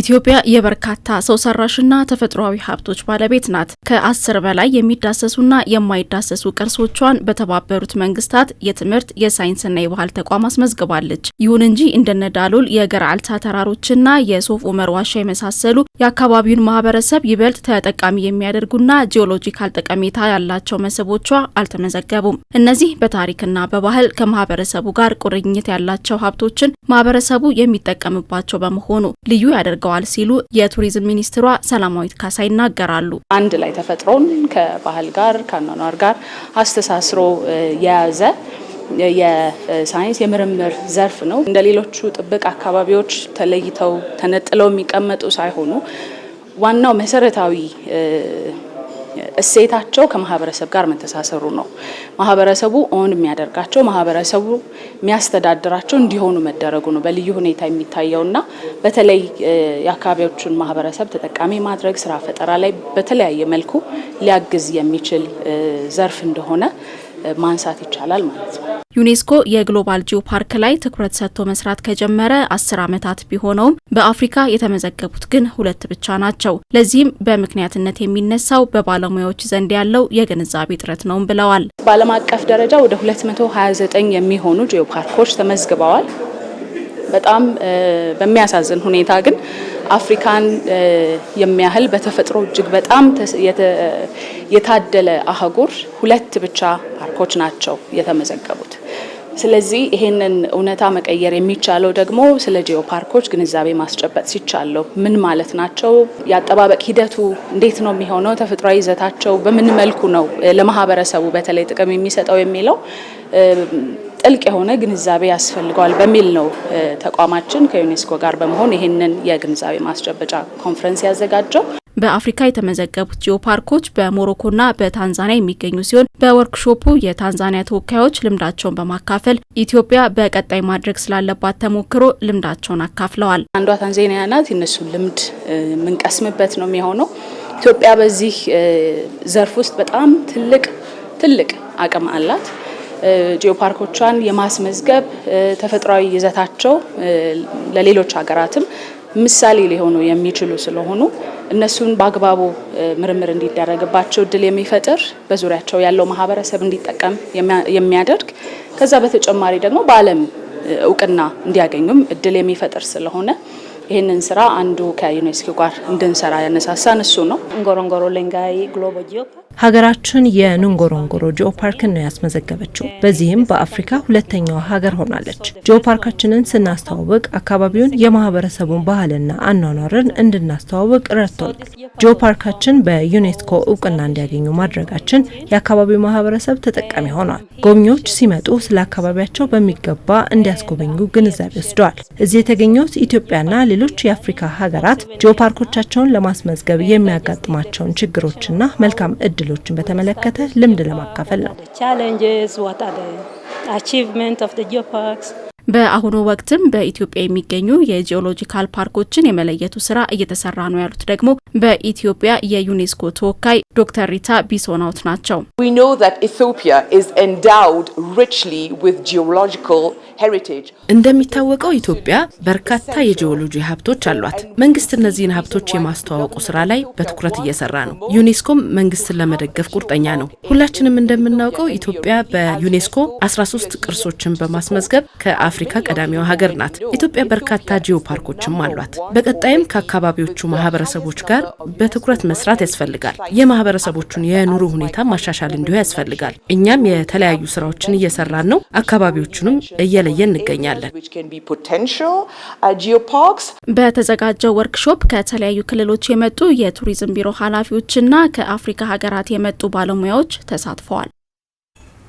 ኢትዮጵያ የበርካታ ሰው ሰራሽና ተፈጥሯዊ ሀብቶች ባለቤት ናት። ከአስር በላይ የሚዳሰሱና የማይዳሰሱ ቅርሶቿን በተባበሩት መንግስታት የትምህርት የሳይንስና የባህል ተቋም አስመዝግባለች። ይሁን እንጂ እንደነ ዳሎል የገርአልታ ተራሮችና የሶፍ ዑመር ዋሻ የመሳሰሉ የአካባቢውን ማህበረሰብ ይበልጥ ተጠቃሚ የሚያደርጉና ጂኦሎጂካል ጠቀሜታ ያላቸው መስህቦቿ አልተመዘገቡም። እነዚህ በታሪክና በባህል ከማህበረሰቡ ጋር ቁርኝት ያላቸው ሀብቶችን ማህበረሰቡ የሚጠቀምባቸው በመሆኑ ልዩ ያደርገዋል ተሳትፈዋል ሲሉ የቱሪዝም ሚኒስትሯ ሰላማዊት ካሳ ይናገራሉ። አንድ ላይ ተፈጥሮን ከባህል ጋር ከአኗኗር ጋር አስተሳስሮ የያዘ የሳይንስ የምርምር ዘርፍ ነው። እንደ ሌሎቹ ጥብቅ አካባቢዎች ተለይተው ተነጥለው የሚቀመጡ ሳይሆኑ ዋናው መሰረታዊ እሴታቸው ከማህበረሰብ ጋር መተሳሰሩ ነው። ማህበረሰቡ ኦን የሚያደርጋቸው ማህበረሰቡ የሚያስተዳድራቸው እንዲሆኑ መደረጉ ነው በልዩ ሁኔታ የሚታየውና በተለይ የአካባቢዎቹን ማህበረሰብ ተጠቃሚ ማድረግ ስራ ፈጠራ ላይ በተለያየ መልኩ ሊያግዝ የሚችል ዘርፍ እንደሆነ ማንሳት ይቻላል ማለት ነው። ዩኔስኮ የግሎባል ጂኦ ፓርክ ላይ ትኩረት ሰጥቶ መስራት ከጀመረ አስር ዓመታት ቢሆነውም በአፍሪካ የተመዘገቡት ግን ሁለት ብቻ ናቸው። ለዚህም በምክንያትነት የሚነሳው በባለሙያዎች ዘንድ ያለው የግንዛቤ እጥረት ነውም ብለዋል። በዓለም አቀፍ ደረጃ ወደ 229 የሚሆኑ ጂኦ ፓርኮች ተመዝግበዋል። በጣም በሚያሳዝን ሁኔታ ግን አፍሪካን የሚያህል በተፈጥሮ እጅግ በጣም የታደለ አህጉር ሁለት ብቻ ፓርኮች ናቸው የተመዘገቡት። ስለዚህ ይሄንን እውነታ መቀየር የሚቻለው ደግሞ ስለ ጂኦ ፓርኮች ግንዛቤ ማስጨበጥ ሲቻለው፣ ምን ማለት ናቸው? የአጠባበቅ ሂደቱ እንዴት ነው የሚሆነው? ተፈጥሯዊ ይዘታቸው በምን መልኩ ነው ለማህበረሰቡ በተለይ ጥቅም የሚሰጠው የሚለው ጥልቅ የሆነ ግንዛቤ ያስፈልገዋል በሚል ነው ተቋማችን ከዩኔስኮ ጋር በመሆን ይህንን የግንዛቤ ማስጨበጫ ኮንፈረንስ ያዘጋጀው። በአፍሪካ የተመዘገቡት ጂኦ ፓርኮች በሞሮኮና በታንዛኒያ የሚገኙ ሲሆን በወርክሾፑ የታንዛኒያ ተወካዮች ልምዳቸውን በማካፈል ኢትዮጵያ በቀጣይ ማድረግ ስላለባት ተሞክሮ ልምዳቸውን አካፍለዋል። አንዷ ታንዛኒያ ናት። የነሱ ልምድ የምንቀስምበት ነው የሚሆነው። ኢትዮጵያ በዚህ ዘርፍ ውስጥ በጣም ትልቅ ትልቅ አቅም አላት። ጂኦፓርኮቿን የማስመዝገብ ተፈጥሯዊ ይዘታቸው ለሌሎች ሀገራትም ምሳሌ ሊሆኑ የሚችሉ ስለሆኑ እነሱን በአግባቡ ምርምር እንዲደረግባቸው እድል የሚፈጥር በዙሪያቸው ያለው ማህበረሰብ እንዲጠቀም የሚያደርግ ከዛ በተጨማሪ ደግሞ በዓለም እውቅና እንዲያገኙም እድል የሚፈጥር ስለሆነ ይህንን ስራ አንዱ ከዩኔስኮ ጋር እንድንሰራ ያነሳሳን እሱ ነው። እንጎሮንጎሮ ሌንጋይ ግሎቦ ጂኦ ሀገራችን የንንጎሮንጎሮ ጂኦ ፓርክን ነው ያስመዘገበችው። በዚህም በአፍሪካ ሁለተኛዋ ሀገር ሆናለች። ጂኦ ፓርካችንን ስናስተዋውቅ አካባቢውን የማህበረሰቡን ባህልና አኗኗርን እንድናስተዋውቅ ረድቶናል። ጂኦ ፓርካችን በዩኔስኮ እውቅና እንዲያገኙ ማድረጋችን የአካባቢው ማህበረሰብ ተጠቃሚ ሆኗል። ጎብኚዎች ሲመጡ ስለ አካባቢያቸው በሚገባ እንዲያስጎበኙ ግንዛቤ ወስደዋል። እዚህ የተገኘሁት ኢትዮጵያና ሌሎች የአፍሪካ ሀገራት ጂኦፓርኮቻቸውን ለማስመዝገብ የሚያጋጥማቸውን ችግሮችና መልካም እድሎችን በተመለከተ ልምድ ለማካፈል ነው። በአሁኑ ወቅትም በኢትዮጵያ የሚገኙ የጂኦሎጂካል ፓርኮችን የመለየቱ ስራ እየተሰራ ነው ያሉት ደግሞ በኢትዮጵያ የዩኔስኮ ተወካይ ዶክተር ሪታ ቢሶናውት ናቸው። እንደሚታወቀው ኢትዮጵያ በርካታ የጂኦሎጂ ሀብቶች አሏት። መንግስት እነዚህን ሀብቶች የማስተዋወቁ ስራ ላይ በትኩረት እየሰራ ነው። ዩኔስኮም መንግስትን ለመደገፍ ቁርጠኛ ነው። ሁላችንም እንደምናውቀው ኢትዮጵያ በዩኔስኮ 13 ቅርሶችን በማስመዝገብ ከአፍ አፍሪካ ቀዳሚዋ ሀገር ናት። ኢትዮጵያ በርካታ ጂኦ ፓርኮችም አሏት። በቀጣይም ከአካባቢዎቹ ማህበረሰቦች ጋር በትኩረት መስራት ያስፈልጋል። የማህበረሰቦቹን የኑሮ ሁኔታ ማሻሻል እንዲሁ ያስፈልጋል። እኛም የተለያዩ ስራዎችን እየሰራን ነው። አካባቢዎቹንም እየለየን እንገኛለን። በተዘጋጀው ወርክሾፕ ከተለያዩ ክልሎች የመጡ የቱሪዝም ቢሮ ኃላፊዎችና ከአፍሪካ ሀገራት የመጡ ባለሙያዎች ተሳትፈዋል።